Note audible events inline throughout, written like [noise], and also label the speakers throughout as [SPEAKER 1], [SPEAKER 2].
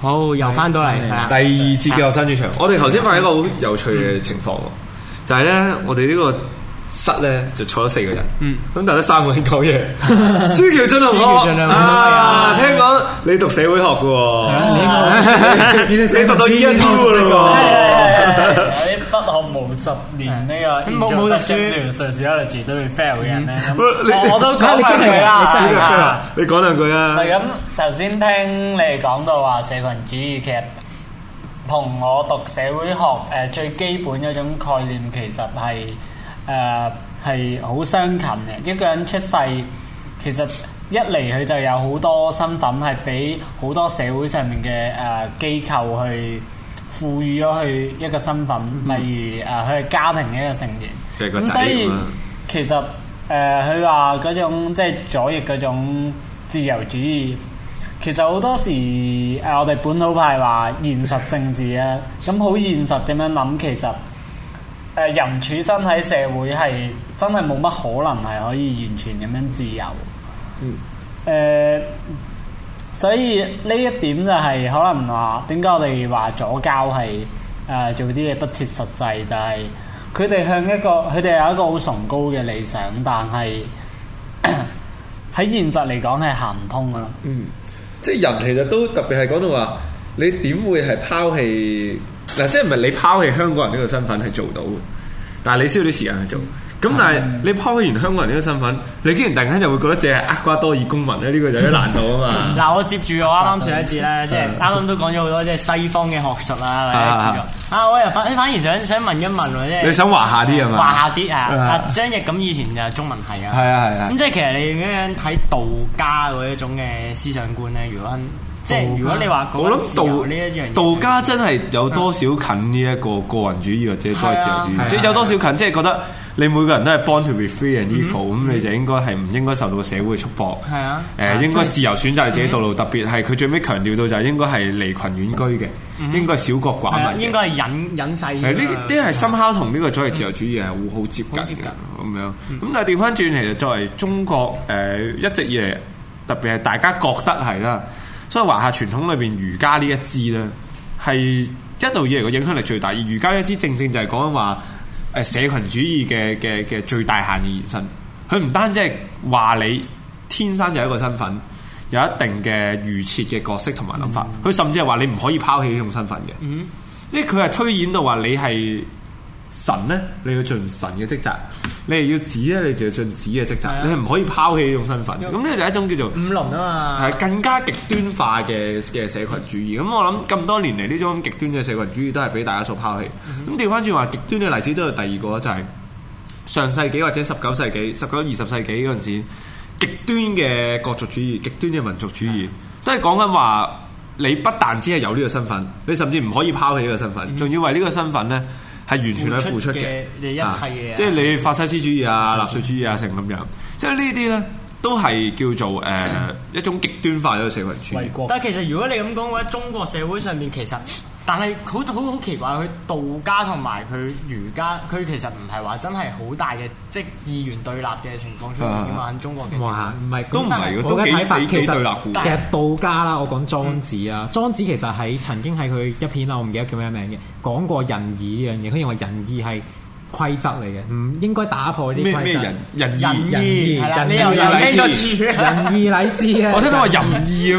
[SPEAKER 1] 好，又翻到嚟。的看看第二節嘅學生主場，的我哋頭先發現一個好有趣嘅情況，嗯、就係咧，我哋呢、呢個。室咧就坐咗四個人，咁但係得三個人講嘢。朱橋俊龍哥，啊，聽講你讀社會學嘅，
[SPEAKER 2] 你讀到 E N U 嘅咯喎，你不學無十年呢個。咁冇冇十年，隨時可能自己都要 fail 嘅人？我我都講翻佢啦，你真係啊！你講
[SPEAKER 1] 兩句啊。咁
[SPEAKER 2] 頭先聽你講到話社群主義，其實同我讀社會學誒最基本一種概念，其實係。誒係好相近嘅，一個人出世其實一嚟佢就有好多身份，係俾好多社會上面嘅誒機構去賦予咗佢一個身份，嗯、例如誒佢係家庭嘅一個成員。咁、嗯、所以其實誒佢話嗰種即係、就是、左翼嗰種自由主義，其實好多時誒我哋本土派話現實政治啊，咁好現實咁樣諗其實。誒，人處身喺社會係真係冇乜可能係可以完全咁樣自由。嗯。誒、呃，所以呢一點就係可能話，點解我哋話左膠係誒做啲嘢不切實際？就係佢哋向一個佢哋有一個好崇高嘅理想，但係喺 [coughs] 現實嚟講係行唔通噶咯。嗯，即係人其實都特
[SPEAKER 1] 別係講到話，你點會係拋棄？嗱，即係唔係你拋棄香港人呢個身份係做到嘅，但係你需要啲時間去做。咁但係你拋棄完香港人呢個身份，你竟然突然間就會覺得自己係厄瓜多爾公民咧，呢、這個就有啲難度啊嘛。
[SPEAKER 3] 嗱， [laughs] 我接住我啱啱上一節咧，即係啱啱都講咗好多，即係西方嘅學術 [laughs] 啊。啊，啊我又反，你反而想想問一問即、啊、你想華夏啲係嘛？華夏啲啊，阿張翼咁以前就中文系啊，係啊係啊。咁即係其實你咁樣睇道家嗰一種嘅思想觀咧，如果即係如果你話講自由呢一樣，道
[SPEAKER 1] 家真係有多少近呢一個個人主義或者自由主義，即係有多少近，即係覺得你每個人都係 born to be free and equal，咁你就應該係唔應該受到社會束縛。
[SPEAKER 3] 係啊，誒應該自
[SPEAKER 1] 由選擇自己道路，特別係佢最尾強調到就係應該係離群遠居嘅，應該小國寡民，應
[SPEAKER 3] 該隱隱世。誒呢啲係
[SPEAKER 1] 深刻同呢個所謂自由主義係好好接近嘅，咁樣。咁但係調翻轉，其實作為中國誒一直以嚟，特別係大家覺得係啦。所以華夏傳統裏邊儒家呢一支咧，係一度以嚟嘅影響力最大。而儒家呢一支正正就係講緊話，誒社群主義嘅嘅嘅最大限嘅延伸。佢唔單止係話你天生就一個身份，有一定嘅預設嘅角色同埋諗法。佢、嗯、甚至係話你唔可以拋棄呢種身份嘅。嗯，即佢係推演到話你係神呢，你要盡神嘅職責。你係要指咧，你就信指嘅職責，的你係唔可以拋棄呢種身份。咁呢為就係一種叫做五倫啊嘛，係更加極端化嘅嘅社群主義。咁、嗯、我諗咁多年嚟，呢種極端嘅社群主義都係俾大家所拋棄。咁調翻轉話，極端嘅例子都係第二個，就係、是、上世紀或者十九世紀、十九二十世紀嗰陣時，極端嘅國族主義、極端嘅民族主義，嗯、哼都係講緊話，你不但只係有呢個身份，你甚至唔可以拋棄呢個身份，仲、嗯、哼要為呢個身份咧。係完全係付出嘅、啊、一切嘢、啊，即係你法西斯主義啊、納粹主義啊，成咁樣，即係呢啲咧都係叫做誒、呃、一種極端化咗嘅社會主義。
[SPEAKER 3] 國但係其實如果你咁講嘅話，中國社會上面其實～但係好好好奇怪，佢道家同埋佢儒家，佢其實唔係話真係好大嘅即係意願對立嘅情況出現喺中國
[SPEAKER 4] 嘅。哇，唔係都唔係，但都幾幾對立。其實,但其實道家啦，我講莊子啊，嗯、莊子其實喺曾經係佢一篇啦，我唔記得叫咩名嘅，講過仁義呢樣嘢，佢認為仁義係。規則嚟嘅，唔應該打破啲規則。咩咩人，人仁義仁？仁義，仁義，你又仁義個字，仁義禮智，智啊！我先講話仁義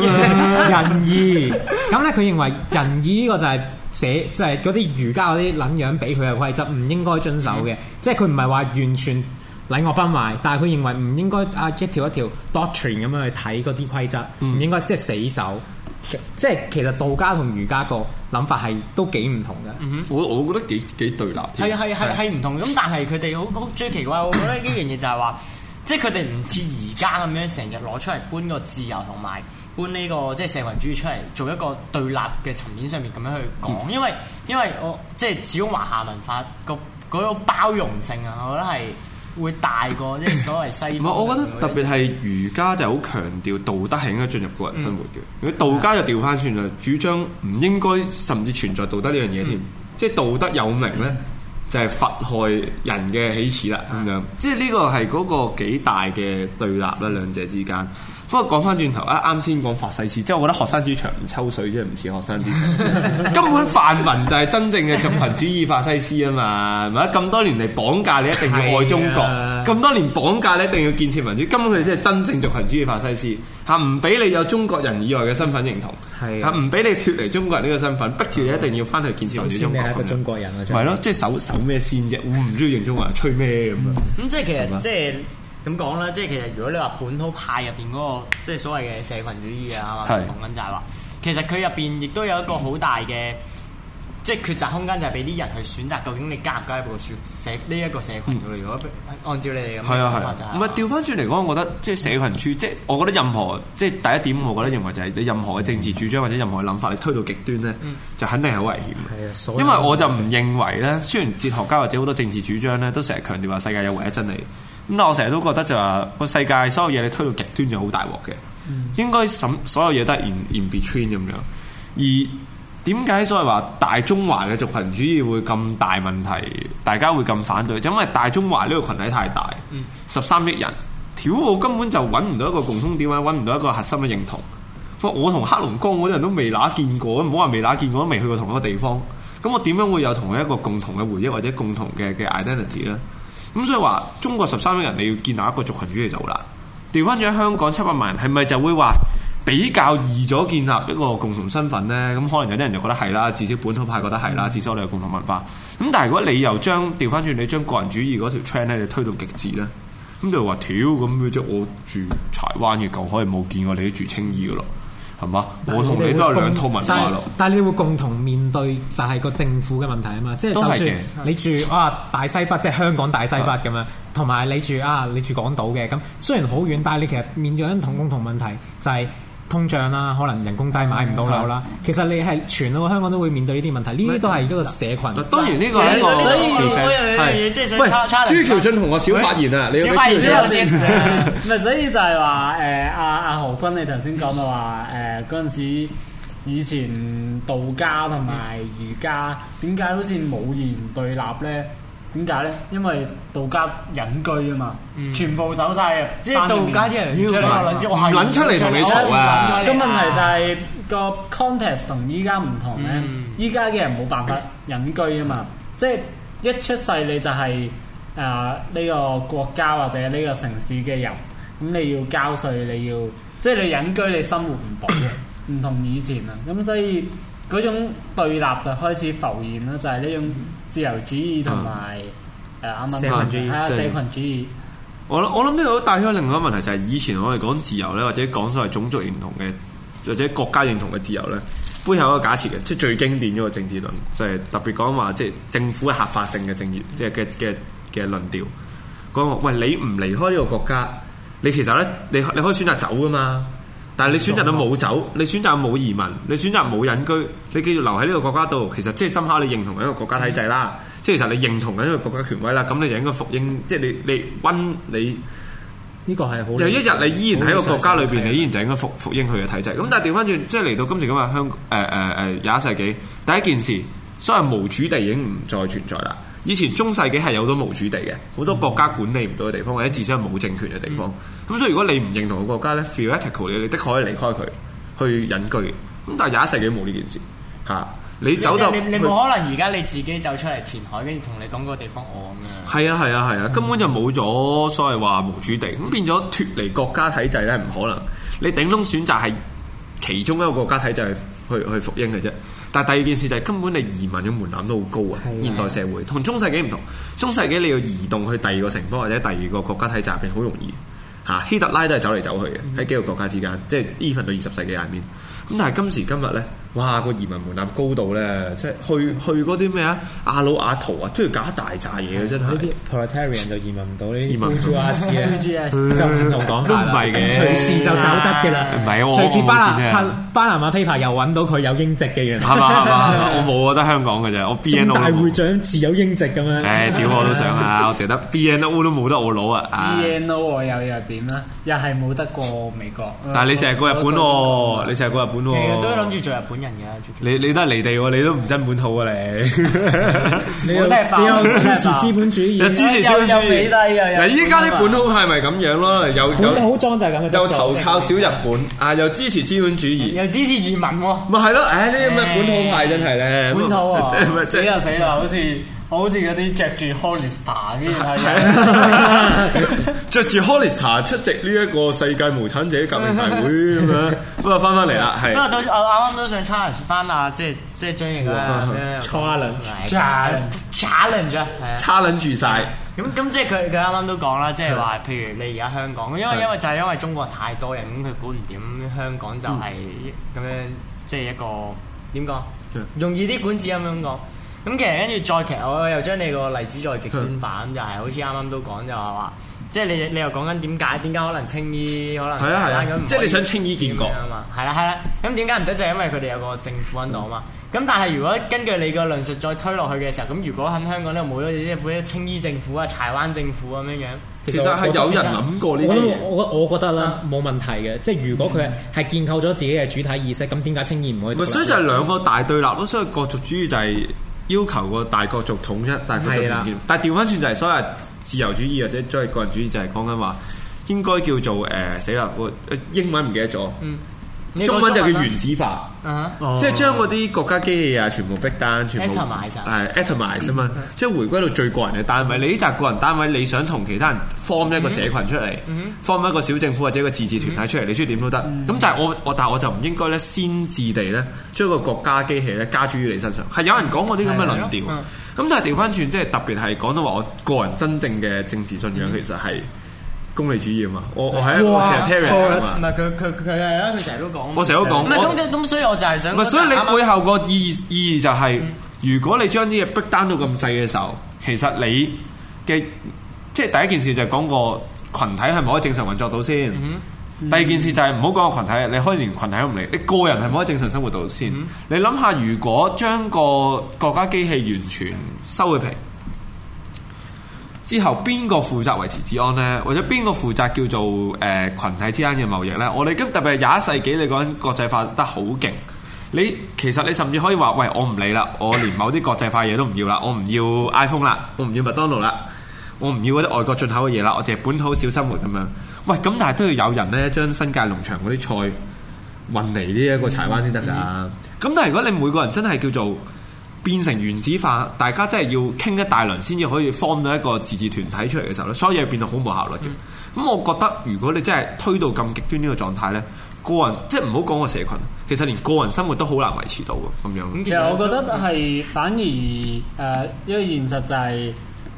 [SPEAKER 4] 仁義。咁咧仁義，佢、 [laughs] 嗯、 [laughs] 認為仁義呢個就係寫就係嗰啲儒家嗰啲捻樣俾佢嘅規則，唔應該遵守嘅。嗯、即係佢唔係話完全禮樂崩壞，但係佢認為唔應該啊一條一條 doctrine 咁樣去睇嗰啲規則，唔應該、嗯、即係死守。Okay. 即係其實道家同儒家個諗法係都幾唔同嘅，mm hmm. 我我覺得幾幾對立。係係係係
[SPEAKER 3] 唔同咁，是但係佢哋好好最奇怪，我覺得呢 [coughs] 樣嘢就係話，即係佢哋唔似而家咁樣成日攞出嚟，搬個自由同埋搬呢、這個即係、就是、社群主義出嚟做一個對立嘅層面上面咁樣去講、mm hmm.，因為因為我即係始終華夏文化、那個嗰種包容性啊，我覺得係。會大過即係所謂西方。唔係， [laughs] 我覺得特
[SPEAKER 1] 別係儒家就好強調道德係應該進入個人生活嘅。嗯、如果道家就調翻轉啦，嗯、主張唔應該甚至存在道德呢樣嘢添。嗯、即係道德有名呢，嗯、就係佛害人嘅起始啦。咁、嗯、樣，即係呢個係嗰個幾大嘅對立啦，兩者之間。不過講翻轉頭啊，啱先講法西斯，即係我覺得學生主場唔抽水，即係唔似學生點點。 [laughs] 根本泛民就係真正嘅族群主義法西斯啊嘛，咪咁 [laughs] 多年嚟綁架你一定要愛中國，咁的多年綁架你一定要建設民主，根本佢先係真正族群主義法西斯嚇，唔俾你有中國人以外嘅身份認同，嚇唔俾你脫離中國人呢個身份，逼住你一定要翻去建設中國人。嗯、先一
[SPEAKER 4] 個中國人啊？咪
[SPEAKER 1] 咯，即係守守咩先啫？唔中意認中國人，吹咩咁啊？咁
[SPEAKER 3] 即係其實即係。咁講啦，即係其實如果你話本土派入邊嗰個，即係所謂嘅社群主義啊，係嘛，講緊就係話，其實佢入邊亦都有一個好大嘅，嗯、即係抉擇空間，就係俾啲人去選擇，究竟你加入唔加入部社呢一、呢個社群，嗯、如果按照你哋咁嘅諗法就係，
[SPEAKER 1] 唔係調翻轉嚟講，我覺得即係社群主義，嗯、即係我覺得任何即係第一點，我覺得認為就係你任何嘅政治主張或者任何嘅諗法，你推到極端咧，嗯、就肯定係好危險嘅。嗯、因為我就唔認為咧，雖然哲學家或者好多政治主張咧，都成日強調話世界有唯一真理。 [laughs] 咁我成日都覺得就話、是、個世界所有嘢你推到極端就好大鑊嘅，嗯、應該什所有嘢都係 in, in between 咁樣。而點解所謂話大中華嘅族群主義會咁大問題？大家會咁反對，就是、因為大中華呢個群體太大，十三、嗯、億人，屌我根本就揾唔到一個共通點，揾唔到一個核心嘅認同。我同黑龍江嗰啲人都未乸見過，唔好話未乸見過，都未去過同一個地方。咁我點樣會有同一一個共同嘅回憶或者共同嘅嘅 identity 呢？咁所以話中國十三億人你要建立一個族群主義就好難，調翻轉香港七百萬人係咪就會話比較易咗建立一個共同身份呢？咁可能有啲人就覺得係啦，至少本土派覺得係啦，至少我哋有共同文化。咁但係如果你又將調翻轉，你將個人主義嗰條 chain 咧，你推到極致呢，咁就話屌咁即我住柴灣嘅舊可以冇見過你都住青衣噶咯。係嘛？同我同你都係兩套文化咯。
[SPEAKER 4] 但係你會共同面對就係個政府嘅問題啊嘛，即係就算你住啊大西北，即係香港大西北咁樣，同埋的你住啊你住港島嘅咁，雖然好遠，但係你其實面對緊同共同問題就係。通脹啦，可能人工低買唔到樓啦。其實你係全個香港都會面對呢啲問題，呢啲都係一個社群。當然呢個係一個，係。
[SPEAKER 1] 唔係朱喬
[SPEAKER 4] 俊同學少發言啊！你少發言先。
[SPEAKER 2] 唔係，所以就係話誒，阿阿何君你頭先講到話誒，嗰陣時以前道家同埋儒家點解好似冇言對立咧？點解咧？因為道家隱居啊嘛，全部走晒。啊！即係道家啲人，要撚出嚟同你嘈啊！個問題就係個 context 同依家唔同咧。依家嘅人冇辦法隱居啊嘛，即係一出世你就係誒呢個國家或者呢個城市嘅人，咁你要交稅，你要即係你隱居，你生活唔到嘅，唔同以前啊。咁所以嗰種對立就開始浮現啦，就係呢種。自由主義同埋誒啱啱睇下社
[SPEAKER 1] 羣主義。我我諗呢度都帶出另外一個問題，就係以前我哋講自由咧，或者講所謂種族認同嘅，或者國家認同嘅自由咧，背後一個假設嘅，即係最經典嗰個政治論，就係特別講話即係政府嘅合法性嘅政，嗯、即係嘅嘅嘅論調，講話喂，你唔離開呢個國家，你其實咧你你可以選擇走噶嘛。但係你選擇咗冇走，你選擇冇移民，你選擇冇隱居，你繼續留喺呢個國家度，其實即係深刻你認同緊一個國家體制啦。即係其實你認同緊一個國家權威啦，咁你就應該服應，即係你你溫你
[SPEAKER 4] 呢個係好。有一日你依然喺個國家裏邊，你依
[SPEAKER 1] 然就應該服服應佢嘅體制。咁、嗯、但係調翻轉，即係嚟到今時今日，香港誒誒誒廿一世紀，第一件事，所謂無主地已經唔再存在啦。以前中世紀係有咗無主地嘅，好多國家管理唔到嘅地方，或者、嗯、至少係冇政權嘅地方。嗯咁所以如果你唔認同個國家咧，theoretically 你你的確可以離開佢去隱居。咁但係廿一世紀冇呢件事嚇，啊、你走到你冇它可
[SPEAKER 3] 能而家你自己走出嚟填海，跟住同你講嗰個地方我
[SPEAKER 1] 咁樣啊！係啊係啊係啊，根本就冇咗、mm hmm. 所謂話無主地，咁變咗脫離國家體制咧，唔可能。你頂櫳選擇係其中一個國家體制去去服膺嘅啫。但係第二件事就係、是、根本你移民嘅門檻都好高啊！啊現代社會同中世紀唔同，中世紀你要移動去第二個城邦或者第二個國家體制係好容易。啊，希特拉都係走嚟走去嘅，喺、嗯、幾個國家之間，即係依份到二十世紀下面。咁 I mean. 但係今時今日咧。哇！個移民門檻高度咧，即係去去嗰啲咩啊？阿魯阿圖啊，都要搞一
[SPEAKER 4] 大扎嘢嘅真係。proletariat 就移民唔到呢啲工資啊、時薪啊，就唔同講法都唔係嘅，隨時就走得嘅啦。唔係喎，隨時巴拿巴拿馬 paper 又揾到佢有英籍嘅我
[SPEAKER 1] 冇啊，得香港嘅啫，我 B N O 都冇。大
[SPEAKER 4] 會長持有英籍咁
[SPEAKER 2] 樣。
[SPEAKER 1] 誒，屌我都想啊，我成日得 B N O 都冇得我攞啊。B N O 又又點啊？
[SPEAKER 2] 又係冇得過美國。但係你成日過日
[SPEAKER 1] 本喎，你成日過日本喎。成日都諗
[SPEAKER 2] 住做日
[SPEAKER 3] 本。
[SPEAKER 1] 人嘅，啊，人你你都係離地喎，你都唔真本土啊你， [laughs] 你都 [laughs] 又支持資本主義，又又美帝啊，嗱依家啲本土派咪咁樣咯，有又好土裝就係咁嘅，又投靠小日本，嗯、啊，又支持資本主義，
[SPEAKER 3] 又
[SPEAKER 2] 支持移民喎，啊，咪係咯，唉呢啲咁嘅本土派真係咧，本土啊，死人死啦，好似～好似嗰啲着住 Hollister 啲
[SPEAKER 1] 人，着住 Hollister 出席呢一個世界無產者革命大會咁樣，不過翻返嚟啦，係。不過
[SPEAKER 2] 都我啱啱都想
[SPEAKER 3] challenge 翻啊，即係即係將嚟嗰 challenge，challenge 住，challenge 住晒。咁咁即係佢佢啱啱都講啦，即係話，譬如你而家香港，因為因為就係因為中國太多人，咁佢估唔掂香港就係咁樣，即係一個點講，容易啲管治咁樣講。咁、嗯、其實跟住再其實我又將你個例子再極端化咁是就係好似啱啱都講就係話，即係你你又講緊點解點解可能青衣了可能柴灣咁，即係你想青衣建國，係啦係啦，咁點解唔得就係、是、因為佢哋有個政府喺度啊嘛。咁是但係如果根據你個論述再推落去嘅時候，咁如果喺香港呢，冇咗啲青衣政府啊、柴灣政府咁樣樣，其實係有人諗過呢啲
[SPEAKER 4] 我我覺得咧冇、啊、問題嘅，即係如果佢係建構咗自己嘅主體意識，咁點解青衣唔可以？嗯、所以就係兩
[SPEAKER 1] 個大對立咯，所以國族主義就係、是。要求個大國族統一，大國族就唔，但係調翻轉就係，所謂自由主義或者所謂個人主義就係講緊話，應該叫做誒死啦！我英文唔記得咗。嗯中文就叫原子化
[SPEAKER 3] ，uh huh. 即係將
[SPEAKER 1] 嗰啲國家機器啊，全部逼單，全部係 atomize 啫嘛，即係回歸到最個人嘅單位。你呢集個人單位，你想同其他人 form 一個社群出嚟、mm hmm.，form 一個小政府或者一個自治團體出嚟，你鍾意點都得。咁、mm hmm. 但係我我但係我就唔應該咧先治地咧將個國家機器咧加諸於你身上。係有人講過啲咁嘅論調，咁、mm hmm. 但係掉返轉即係特別係講到話，我個人真正嘅政治信仰、mm hmm. 其實係。功利主義嘛，我我係一個其實 Terry 啊嘛，唔係佢佢佢係啊，佢成
[SPEAKER 3] 日都講。我成日都講。唔係咁咁咁，所以我就係想。所以你
[SPEAKER 1] 背後個意義意義就係、是，嗯、如果你將啲嘢逼單到咁細嘅時候，其實你嘅即係第一件事就係講個羣體係咪可以正常運作到先。嗯嗯、第二件事就係唔好講個群體你可以連群體都唔理，你個人係咪可以正常生活到先。嗯、你諗下，如果將個國家機器完全收佢皮？之後邊個負責維持治安呢？或者邊個負責叫做誒羣體之間嘅貿易呢？我哋今特別係廿一世紀，你講國際化得好勁。你其實你甚至可以話：喂，我唔理啦，我連某啲國際化嘢都唔要啦，我唔要 iPhone 啦，我唔要麥當勞啦，我唔要嗰啲外國進口嘅嘢啦，我淨係本土小生活咁樣。喂，咁但係都要有人呢將新界農場嗰啲菜運嚟呢一個柴灣先得㗎。咁、嗯嗯嗯、但係如果你每個人真係叫做，變成原子化，大家真係要傾一大輪先至可以 form 到一個自治團體出嚟嘅時候咧，所以變到好無效率嘅。咁、嗯嗯、我覺得如果你真係推到咁極端呢個狀態咧，個人即係唔好講個社群，其實連個人生活都好難維持到咁樣。其實我覺
[SPEAKER 2] 得係反而誒、呃，一個現實就係、是、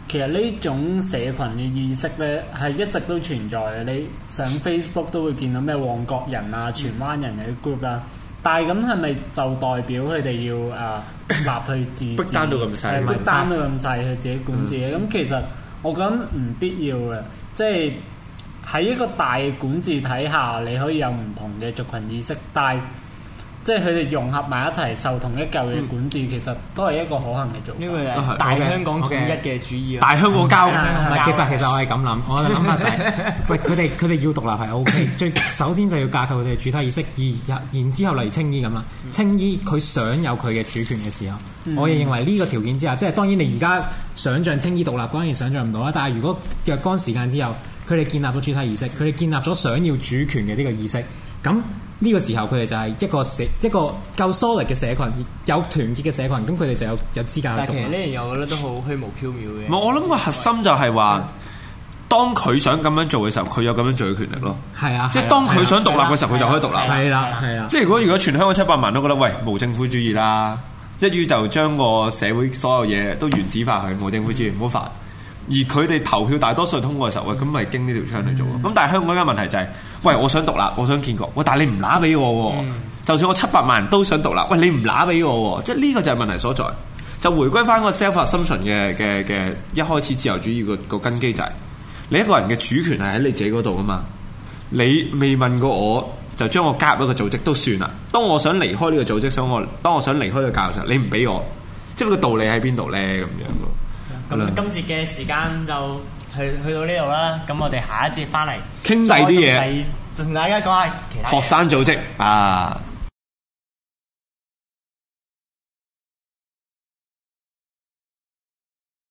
[SPEAKER 2] 其實呢種社群嘅意識呢，係一直都存在嘅。你上 Facebook 都會見到咩旺角人啊、荃灣人嘅 group 啦。嗯嗯但係咁係咪就代表佢哋要啊立去自治？不擔到咁細，咪？擔到咁細去自己管自己？咁、嗯嗯、其實我覺得唔必要嘅，即係喺一個大管治底下，你可以有唔同嘅族群意識，但係。即係佢哋融合埋一齊受同一嚿嘅管治，其實都係一個可行嘅做法。呢個係大香港統一嘅主義 Okay, okay. 大香港交響 [laughs] 其實
[SPEAKER 4] 其實我係咁諗，我嘅諗係：喂， [laughs] 佢哋佢哋要獨立係 OK， [coughs] 最首先就要架構佢哋嘅主體意識。二，然之後嚟清衣咁啦。清衣佢想有佢嘅主權嘅時候， [coughs] 我亦認為呢個條件之下，即係當然你而家想像清衣獨立當然想像唔到啦。但係如果若干時間之後，佢哋建立咗主體意識，佢哋建立咗想要主權嘅呢個意識，咁。呢個時候佢哋就係一個社一個夠 solid 嘅社群，有團結嘅社群，咁佢哋就有有資格。但係其實呢樣嘢我覺得都好
[SPEAKER 3] 虛無縹
[SPEAKER 1] 緲嘅。我諗個核心就係話，的當佢想咁樣做嘅時候，佢有咁樣做嘅權力咯。
[SPEAKER 4] 係啊，即係當佢想獨立嘅時候，佢就可以獨立。係啦，係啦。即
[SPEAKER 1] 係如果如果全香港七百萬都覺得喂，無政府主義啦，一於就將個社會所有嘢都原子化去，無政府主義唔好煩。而佢哋投票大多數通過嘅時候，喂，咁咪經呢條槍去做。咁但係香港嘅問題就係、是。喂，我想獨立啦，我想建國。喂，但係你唔拿俾我喎。嗯、就算我七百萬人都想獨立啦，喂，你唔拿俾我喎。即係呢、呢個就係問題所在。就回歸翻個 self assumption 嘅嘅嘅，一開始自由主義個根基就係、是、你一個人嘅主權係喺你自己嗰度啊嘛。你未問過我，就將我加入一個組織都算啦。當我想離開呢個組織，想我當我想離開個教授，你唔俾我，即係個道理喺邊度咧？咁樣咁今
[SPEAKER 3] 次嘅時間就。去去到呢度啦，咁我哋下一節翻嚟傾第啲嘢，
[SPEAKER 1] 同大家講下其他學生組織啊。